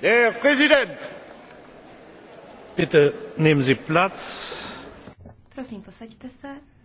herr präsident! bitte nehmen sie platz. prosím posaďte se.